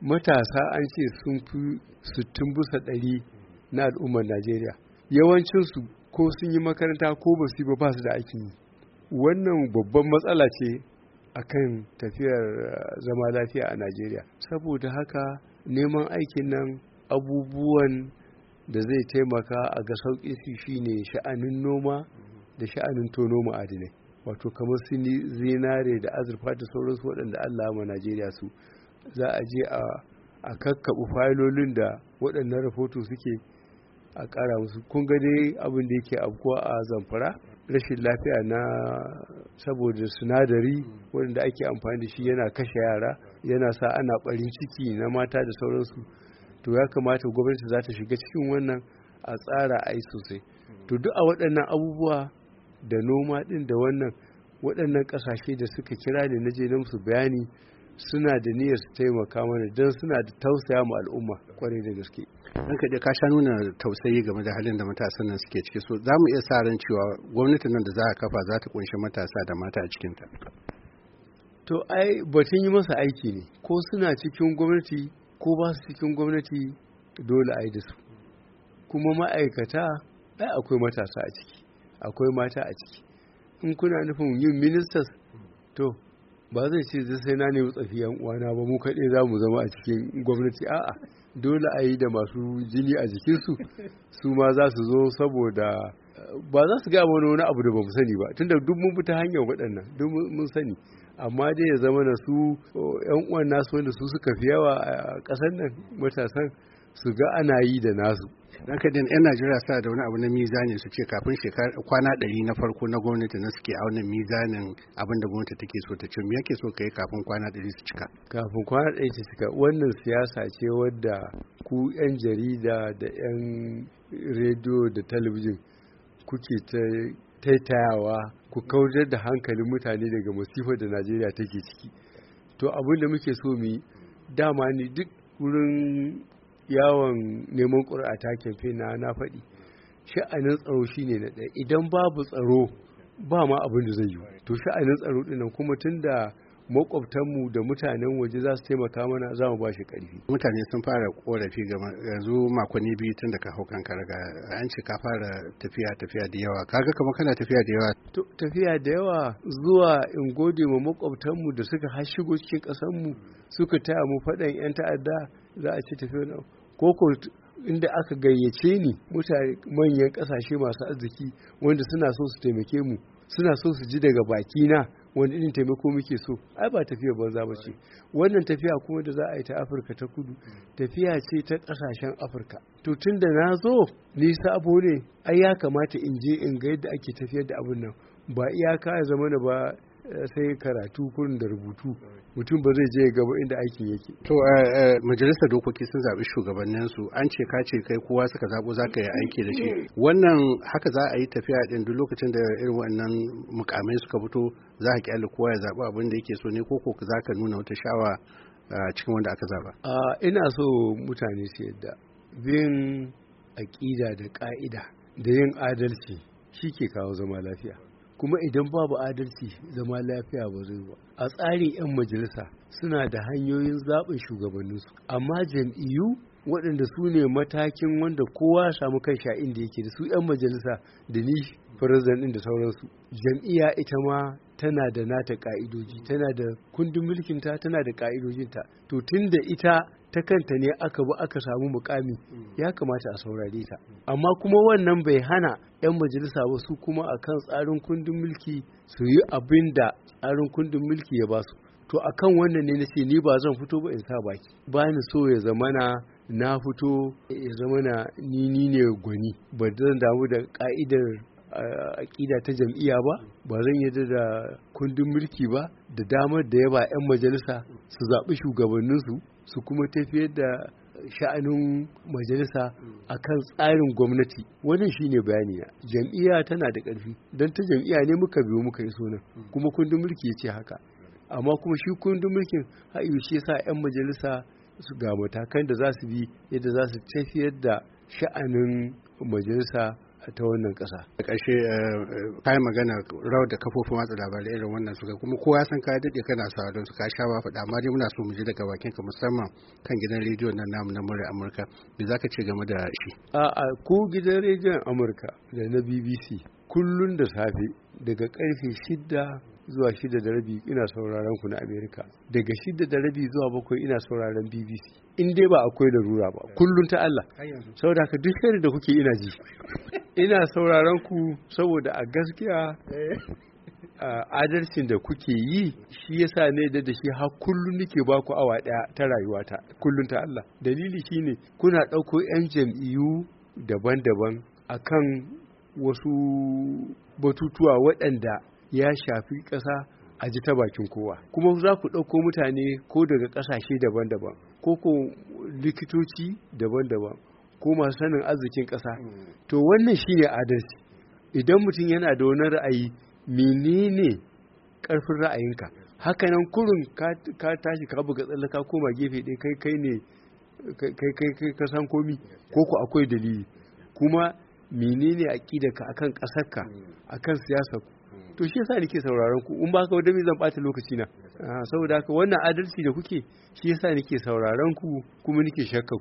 matasa an ce sun fi sittin bisa ɗari na al'ummar najeriya yawancinsu ko sun yi makaranta ko ba su yi ba su da aikin yi wannan babban matsala ce a kan tafiyar eh, zama lafiya a najeriya saboda haka neman aikin nan abubuwan da zai taimaka a ga sauƙi su shine sha'anin noma da sha'anin tono ma'adinai wato kamar su zinare da azurfa da sauransu waɗanda allah ma najeriya su za a je a kakkaɓu fayilolin da waɗannan rahoto suke a ƙara musu kun ga abin da yake abuwa a zamfara rashin lafiya na saboda sinadari wanda ake amfani da shi yana kashe yara yana sa ana ɓarin ciki na mata da sauransu to ya kamata gwamnati za ta shiga cikin wannan a tsara a yi sosai to duk a waɗannan abubuwa da noma ɗin da wannan waɗannan ƙasashe da suka kira ne na je na musu bayani suna da niyyar su taimaka mana don suna da tausaya mu al'umma kwarai da gaske dan kaje ka sha nuna tausayi game da halin da matasan nan suke ciki so za mu iya sa ran cewa gwamnatin nan da za a kafa za ta kunshi matasa da mata a cikinta to ai batun yi masa aiki ne ko suna cikin gwamnati ko ba su cikin gwamnati dole ai da su kuma ma'aikata ai akwai matasa a ciki akwai mata a ciki in kuna nufin yin ministers to ba zai ce zai sai na nemi tsafiyan uwana ba mu kaɗai za mu zama a cikin gwamnati a'a dole a yi da masu jini a jikinsu su ma za su zo saboda ba za su gaya wani abu da ba mu sani ba tunda duk mun fita hanyar waɗannan duk mun sani amma dai ya zama na su yan uwan nasu wanda su suka fi yawa a ƙasar nan matasan su ga ana yi da nasu ka din yan najeriya sa da wani abu na mizani su ce kafin kwana ɗari na farko na gwamnati na suke auna mizanin abin da gwamnati take so ta ce me yake so kai kafin kwana ɗari su cika kafin kwana ɗari su cika wannan siyasa ce wadda ku yan jarida da yan rediyo da talabijin kuke ta taitayawa ku kaujar da hankalin mutane daga masifar da najeriya take ciki to abin da muke so mu dama ne duk wurin yawon neman ƙuri'a ta kefe na na faɗi sha'anin tsaro shine na ɗaya idan babu tsaro ba ma abin da zai yi to sha'anin tsaro ɗin kuma tun da makwabtanmu da mutanen waje za su taimaka mana za mu ba shi ƙarfi. Mutane sun fara ƙorafi ga yanzu makonni biyu tun da ka hau kanka raga an ce ka fara tafiya tafiya da yawa kaga kamar kana tafiya da yawa. Tafiya da yawa zuwa in gode ma makwabtanmu da suka har shigo cikin ƙasarmu suka taya mu faɗan 'yan ta'adda za a ci tafi wani ko ko inda aka gayyace ni mutane manyan kasashe masu arziki wanda suna so su taimake mu suna so su ji daga baki na wanda irin taimako muke so ai ba tafiya banza ba ce wannan tafiya kuma da za a yi ta afirka ta kudu tafiya ce ta kasashen afirka to tun da na zo ni sabo ne ai ya kamata in je in ga yadda ake tafiyar da abin nan ba iyaka ya zama na ba sai karatu kurin da rubutu mutum ba zai je gaba inda aikin yake to eh, eh, majalisar dokoki sun zaɓi shugabannin su an ce ka ce kai kowa suka zaɓo za ka yi aiki da shi wannan haka za a yi tafiya din duk lokacin da irin wannan mukamai suka fito za ka kyalli kowa ya zaɓi abin da yake so ne ko ko za ka nuna wata shawa cikin wanda aka zaɓa ina so mutane su yadda bin aƙida da ƙa'ida da yin adalci shi ke kawo zama lafiya kuma idan babu adalci zama lafiya ba zai ba a tsarin 'yan majalisa suna da hanyoyin zaɓin shugabanninsu amma jam'iyyu waɗanda su ne matakin wanda kowa ya samu kan sha'in da yake da su 'yan majalisa da ni farazan din da sauransu jam'iyya ita ma tana da nata ka'idoji tana da kundin mulkinta tana da ka'idojinta to tun da ita ta kanta ne aka bi aka samu mukami ya kamata a saurare ta amma kuma wannan bai hana 'yan majalisa ba su kuma a kan tsarin kundin mulki su yi abin da tsarin kundin mulki ya ba su to kan wannan ne nace ni ba zan fito ba in sa baki ba ni so ya zamana na fito ya zamana ni ni ne gwani ba zan damu da ka'idar aƙida ta jam'iyya ba ba zan yadda da kundin mulki ba da damar da ya ba 'yan majalisa su zaɓi shugabanninsu su kuma tafiyar da sha'anin majalisa a kan tsarin gwamnati wannan shine bayani na jam'iyya tana da ƙarfi don ta jam'iyya ne muka biyo muka yi sunan kuma kundin mulki ya ce haka amma kuma shi kundin mulkin ha'iyu shi yasa 'yan majalisa su ga matakan da za su bi yadda za su tafiyar da sha'anin majalisa ta wannan ƙasa a ƙarshe eh, eh, kayan magana rawar da kafofin watsa labarai irin wannan suka kuma kowa san ka daɗe kana don su ka sha ba faɗa amma dai muna so mu ji daga bakin ka musamman kan gidan rediyon nan namu na murar amurka me za ka ce game da shi a'a ko gidan rediyon amurka da na bbc kullun da safe daga ƙarfe shidda zuwa shida da rabi ina sauraron ku na amerika daga shida da rabi zuwa bakwai ina sauraron bbc in dai ba akwai rura ba kullum ta allah saboda haka duk shirin da kuke ina ji ina sauraron ku saboda a gaskiya eh. adalcin da kuke yi shi yasa ne da da shi har kullum nake ba ku awa daya ta rayuwata kullum ta Allah dalili shine kuna ɗauko 'yan jam'iyyu daban-daban akan wasu batutuwa waɗanda ya shafi ƙasa a ji ta bakin kowa kuma za ku ɗauko mutane ko daga ƙasashe daban-daban ko ko likitoci daban-daban ko masu sanin arzikin ƙasa hmm. to wannan shi ne adalci idan mutum yana da wani ra'ayi menene ƙarfin ra'ayinka hakanan kurin ka tashi ka buga tsalle ka koma gefe ɗaya kai kai ne kai kai ka san komi ko ku akwai dalili kuma menene ka akan ƙasarka hmm. akan ku? Hmm. to shi yasa nake sauraron ku in ba ka wadami zan ɓata lokaci na ah, saboda haka wannan adalci da kuke shi yasa nake sauraron ku kuma nake shakka